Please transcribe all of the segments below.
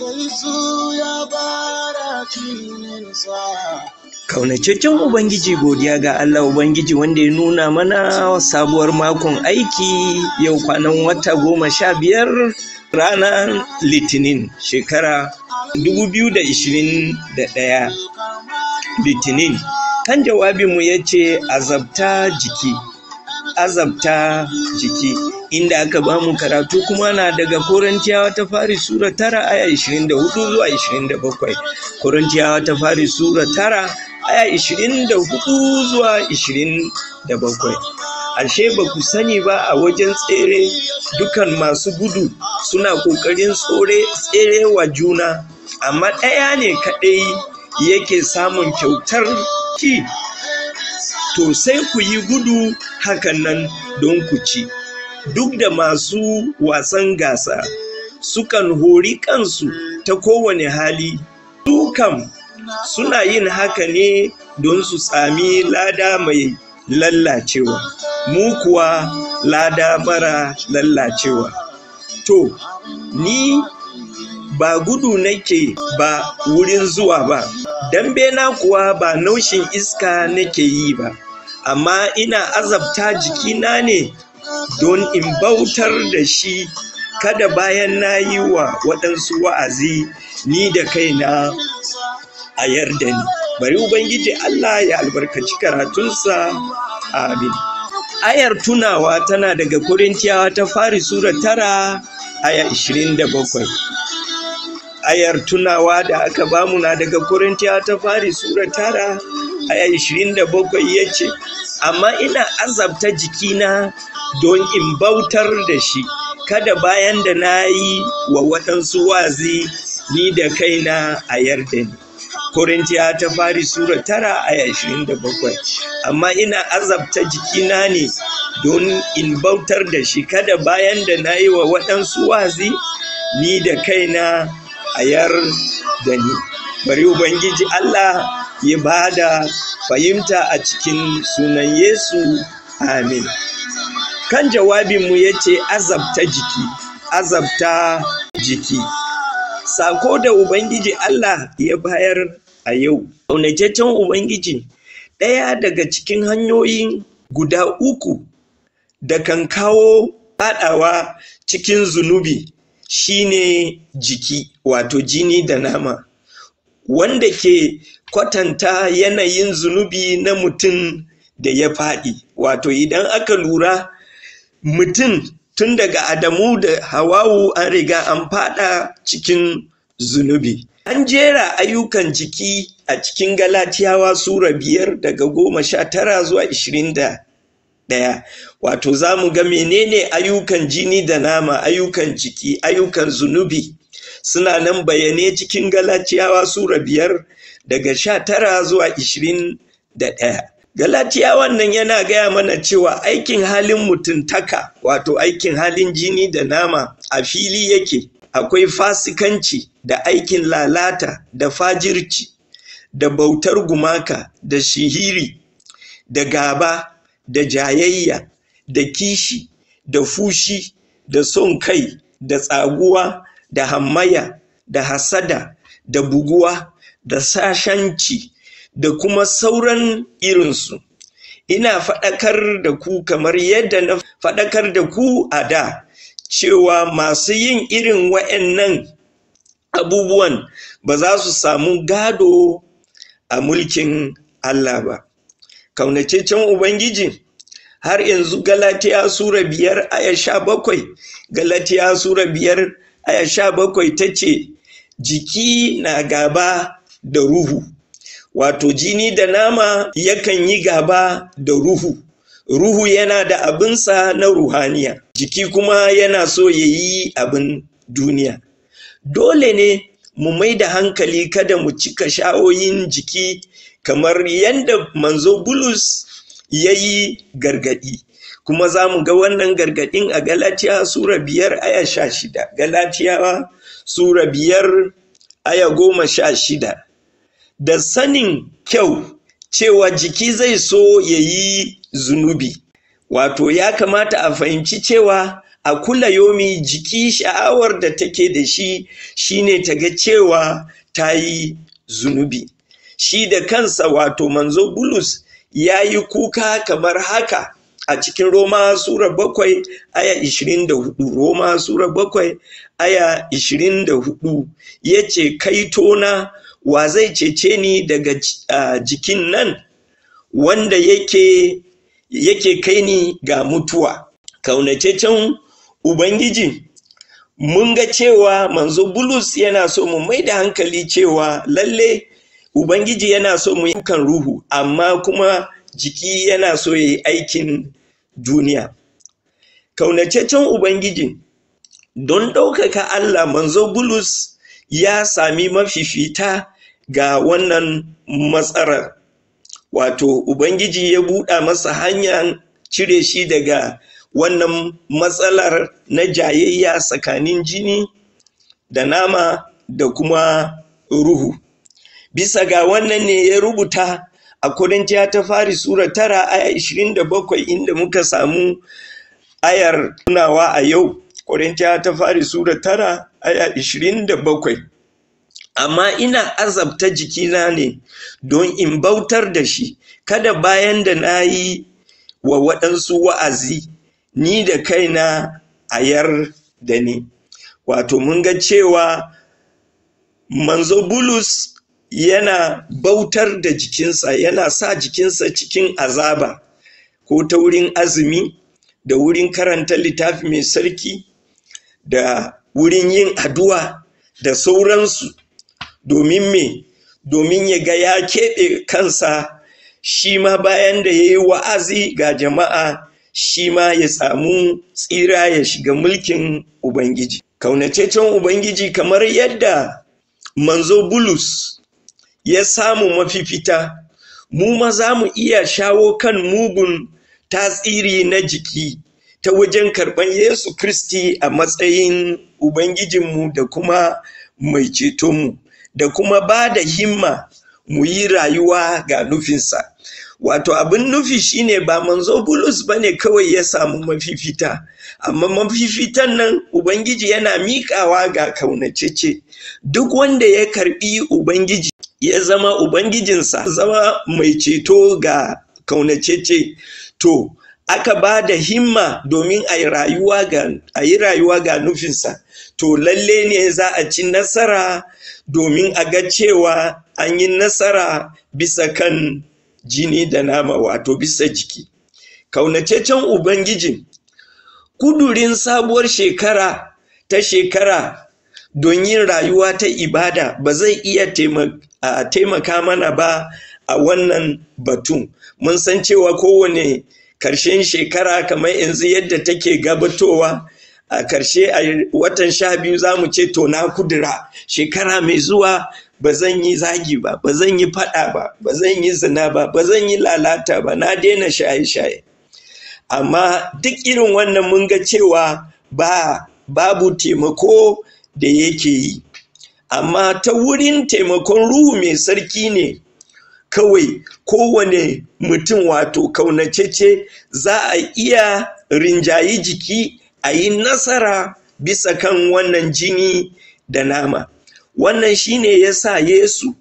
Yesu Ubangiji godiya ga Allah Ubangiji wanda ya nuna mana sabuwar makon aiki yau kwanan wata goma sha biyar ranar Litinin shekara 2021 Litinin. Kan jawabinmu ya ce azabta jiki. azabta jiki inda aka ba mu karatu kuma na daga korintiyawa ta fari sura tara aya ishirin da hudu zuwa ishirin da bakwai korintiyawa ta fari sura tara aya ishirin da hudu zuwa ishirin da bakwai ashe ba ku sani ba a wajen tsere dukan masu gudu suna ƙoƙarin tsere wa juna amma ɗaya ne kaɗai yake samun kyautar ki to sai ku yi gudu hakan nan don ku ci duk da masu wasan gasa sukan hori kansu ta kowane hali dukan suna yin haka ne don su sami lada mai lallacewa mu kuwa lada mara lallacewa to ni ba gudu nake ba wurin zuwa ba dambe na kuwa ba naushin iska nake yi ba amma ina azabta jikina ne don in bautar da shi kada bayan na yi wa waɗansu wa'azi ni da kaina a yarda ni bari ubangiji allah ya albarkaci karatunsa amin ayar tunawa tana daga korintiyawa ta fari sura tara aya 27 ayar tunawa da aka bamu na daga korintiya ta fari sura tara aya 27 ya ce amma ina azabta jikina don in bautar da shi kada bayan da na yi wa waɗansu wazi ni da kaina a yarda ni korintiya ta fari sura tara aya 27 amma ina azabta jikina ne don in bautar da shi kada bayan da na yi wa waɗansu wazi ni da kaina a da ni bari ubangiji Allah ya bada fahimta a cikin sunan Yesu amin kan jawabinmu ya ce azabta jiki azabta jiki sako da ubangiji Allah ya bayar a yau ƙaunataccen ubangiji ɗaya daga cikin hanyoyin guda uku da kan kawo faɗawa cikin zunubi shine jiki wato jini da nama wanda ke kwatanta yanayin zunubi na mutum da ya faɗi wato idan aka lura mutum tun daga adamu da hawawu an riga an faɗa cikin zunubi an jera ayyukan jiki a cikin galatiyawa sura biyar daga goma sha tara zuwa ishirin da ɗaya wato za mu ga menene ayyukan jini da nama ayyukan jiki ayyukan zunubi suna nan bayane cikin galatiyawa sura biyar daga sha tara zuwa ishirin da ɗaya galatiyawan nan yana gaya mana cewa aikin halin mutuntaka wato aikin halin jini da nama a fili yake akwai fasikanci da aikin lalata da fajirci da bautar gumaka da shihiri da gaba da jayayya da kishi da fushi da son kai da tsaguwa da hammaya da hasada da buguwa da sashanci da kuma sauran irinsu ina faɗakar da ku kamar yadda na faɗakar da ku a da cewa masu yin irin wa'annan abubuwan ba za su samu gado a mulkin Allah ba kaunacecen ubangiji har yanzu galatiya sura biyar aya sha bakwai galatiya sura biyar aya sha bakwai ta ce jiki na gaba da ruhu wato jini da nama yakan yi gaba da ruhu ruhu yana da abinsa na ruhaniya jiki kuma yana so ya yi abin duniya dole ne mu mai da hankali kada mu cika sha'o'in jiki kamar yadda manzo bulus ya yi gargaɗi kuma za mu ga wannan gargaɗin a galatiya sura biyar aya sha shida galatiyawa sura biyar aya goma sha shida da sanin kyau cewa jiki zai so ya yi zunubi wato ya kamata a fahimci cewa a kula yomi jiki sha'awar da take da shi shine ta ga cewa ta yi zunubi shi da kansa wato manzo bulus ya yi kuka kamar haka a cikin Roma Sura bakwai aya 24 Roma Sura bakwai aya 24 ya ce kaitona wa zai cece ni daga uh, jikin nan wanda yake yake kai ni ga mutuwa kaunacecen ubangiji mun ga cewa manzo bulus yana so mu mai da hankali cewa lalle Ubangiji yana so mu yi ruhu, amma kuma jiki yana so ya yi aikin duniya. kaunacecen Ubangiji, don ɗaukaka Allah manzo Bulus ya sami mafifita ga wannan matsalar. Wato, Ubangiji ya buɗa masa hanyar cire shi daga wannan matsalar na jayayya tsakanin jini da nama da kuma ruhu. bisa ga wannan ne ya rubuta a Korintiya ta fari sura tara aya 27 inda muka samu ayar tunawa a yau Korintiya ta fari sura tara aya 27 amma ina azabta jikina ne don in bautar da shi kada bayan da na yi wa waɗansu wa'azi ni da kaina a yar da ni wato mun ga cewa manzo bulus yana bautar da jikinsa yana sa jikinsa cikin azaba ko ta wurin azumi da wurin karanta littafi mai sarki da wurin yin addu'a da sauransu domin me domin ya ga ya keɓe kansa shi ma bayan da ya yi wa'azi ga jama'a shi ma ya samu tsira ya shiga mulkin ubangiji kaunacecen ubangiji kamar yadda manzo bulus ya samu mafifita mu ma za mu iya shawo kan mugun tasiri na jiki ta wajen karɓar Yesu Kristi a matsayin Ubangijinmu da kuma mai mu da kuma ba da himma mu yi rayuwa ga nufinsa. Wato abin nufi shine ba manzo Bulus ba ne kawai ya samu mafifita, amma mafifitan nan Ubangiji yana miƙawa ga kaunacece. Duk wanda ya karbi Ubangiji ya zama Ubangijinsa, zama mai ceto ga kaunacece. To, aka ba da himma domin a yi rayuwa ga nufinsa. To, lalle ne za a ci nasara domin a ga cewa an yi nasara bisa kan jini da nama wato bisa jiki kaunataccen ubangiji kudurin sabuwar shekara ta shekara don yin rayuwa ta ibada ba zai iya taimaka mana ba a wannan batun mun san cewa kowane karshen shekara kamar yanzu yadda take gabatowa a karshe a watan sha biyu za mu ce to na kudura shekara mai zuwa ba zan yi zagi ba ba zan yi faɗa ba ba zan yi zina ba ba zan yi lalata ba na daina shaye-shaye amma duk irin wannan mun ga cewa ba babu taimako da yake yi amma ta wurin taimakon ruhu mai sarki ne kawai kowane mutum wato kaunacece za a iya rinjayi jiki a yi nasara bisa kan wannan jini da nama wannan shine sa Yesu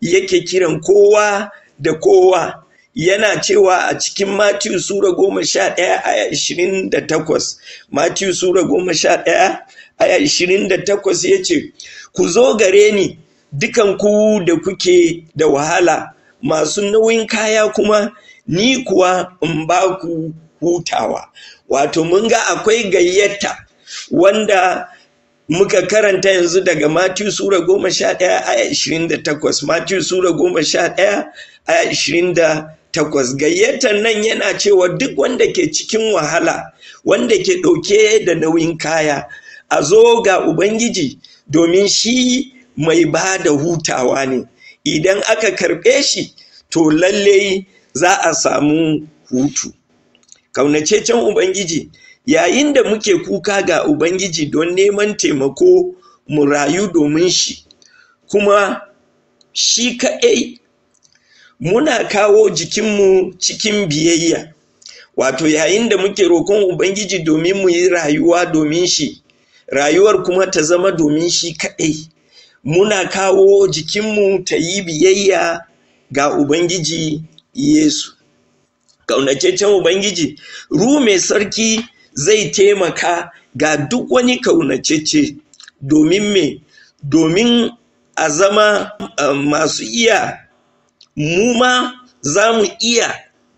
yake kiran kowa da kowa yana cewa a cikin Matthew Sura goma sha ɗaya a ishirin da takwas. Matthew Sura goma sha ɗaya a ishirin da takwas ya ce, Ku zo gare ni ku da kuke da wahala masu nauyin kaya kuma ni kuwa in ba ku hutawa. Wato mun ga akwai gayyata wanda muka karanta yanzu daga Matthew Sura goma sha ɗaya aya ashirin da takwas. Matthew Sura goma sha ɗaya aya ashirin da takwas. Gayyatar nan yana cewa duk wanda ke cikin wahala, wanda ke ɗauke da nauyin kaya, a zo ga Ubangiji domin shi mai ba da hutawa ne. Idan aka karɓe shi, to lallai za a samu hutu. Kaunacecen Ubangiji, yayin da muke kuka ga Ubangiji don neman taimako mu rayu domin shi, kuma shi kaɗai muna kawo jikinmu cikin biyayya, wato yayin da muke roƙon Ubangiji domin mu yi rayuwa domin shi, rayuwar kuma ta zama domin shi kaɗai. Muna kawo jikinmu ta yi biyayya ga Ubangiji Yesu. Ƙaunataccen Ubangiji, Ruhu mai sarki zai taimaka ga duk wani kaunacece domin me domin a zama eh, masu iya mu ma za mu iya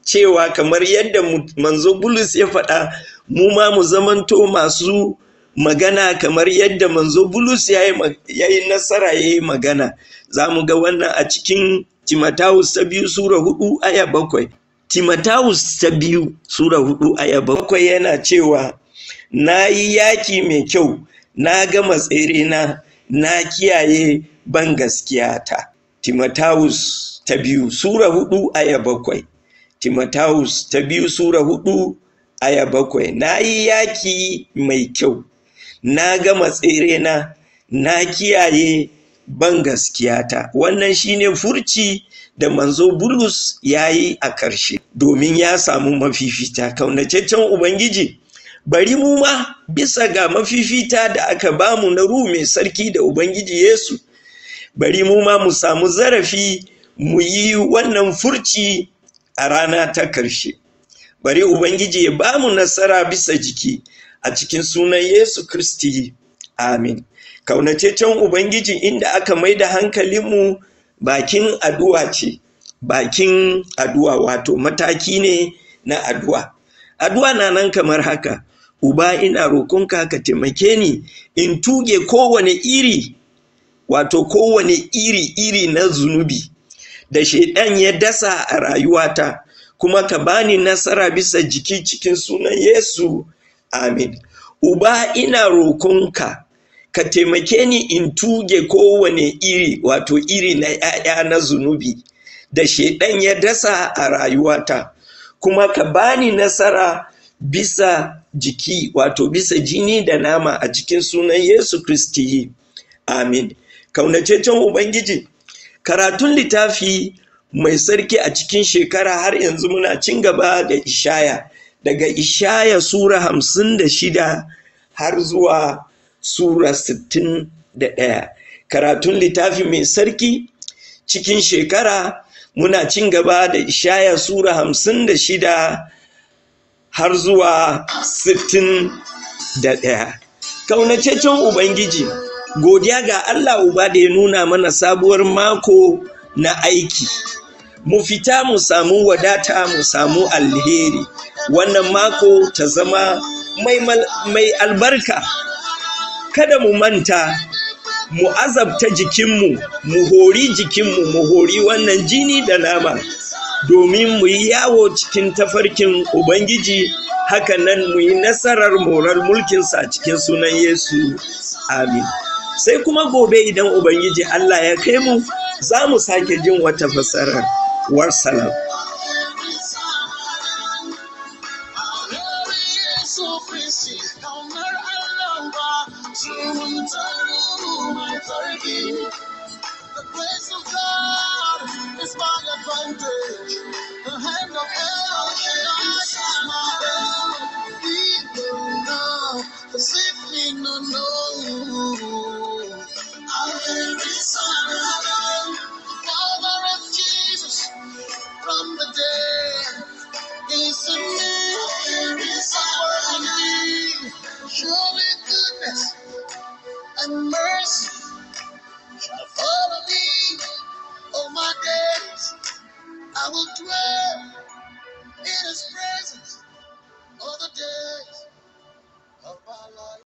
cewa kamar yadda manzo bulus ya faɗa mu ma mu zamanto masu magana kamar yadda manzo bulus ya yi nasara ya yi magana za mu ga wannan a cikin timatawus ta biyu sura hudu aya bakwai Timataus ta biyu Sura hudu ayaba bakwai yana cewa na yi yaki mai kyau na gama tserena na na kiyaye ban ta. Timataus ta biyu Sura hudu aya bakwai Timataus ta biyu Sura hudu aya bakwai na yi yaki mai kyau na gama tserena na kiyaye ban ta. wannan shine furci da manzo bulus ya yi a ƙarshe domin ya samu mafifita kaunataccen ubangiji bari mu ma bisa ga mafifita da aka bamu na ruhu mai sarki da ubangiji yesu bari mu ma mu samu zarafi mu yi wannan furci a rana ta ƙarshe bari ubangiji ya bamu nasara bisa jiki a cikin sunan yesu kristi amin kaunacecen ubangiji inda aka mai da hankalinmu bakin addu'a ce bakin addu'a wato mataki ne na addu'a addu'a na nan kamar haka uba ina roƙonka ka taimake ni in tuge kowane iri wato kowane iri iri na zunubi da shaidan ya dasa a rayuwata kuma ka bani nasara bisa jiki cikin sunan yesu amin uba ina roƙonka ka taimake ni in tuge kowane iri wato iri na ‘ya'ya na zunubi da shaidan ya dasa a rayuwata kuma ka bani nasara bisa jiki wato bisa jini da nama a cikin sunan yesu kristi amin kaunacecen ubangiji karatun littafi mai sarki a cikin shekara har yanzu muna cin gaba da ishaya daga ishaya sura hamsin da shida har zuwa Sura 61 karatun littafi mai sarki cikin shekara muna cin gaba da ishaya Sura hamsin da shida har zuwa sittin da 61 kaunacecen Ubangiji godiya ga Allah Uba da ya nuna mana sabuwar mako na aiki mu fita mu samu wadata mu samu alheri wannan mako ta zama mai albarka kada mu manta mu azabta jikinmu mu hori jikinmu mu hori wannan jini da nama domin mu yi yawo cikin tafarkin ubangiji hakanan mu yi nasarar morar mulkinsa cikin sunan yesu amin sai kuma gobe idan ubangiji allah ya kai mu za mu sake jin wata fasarar warsalam Olha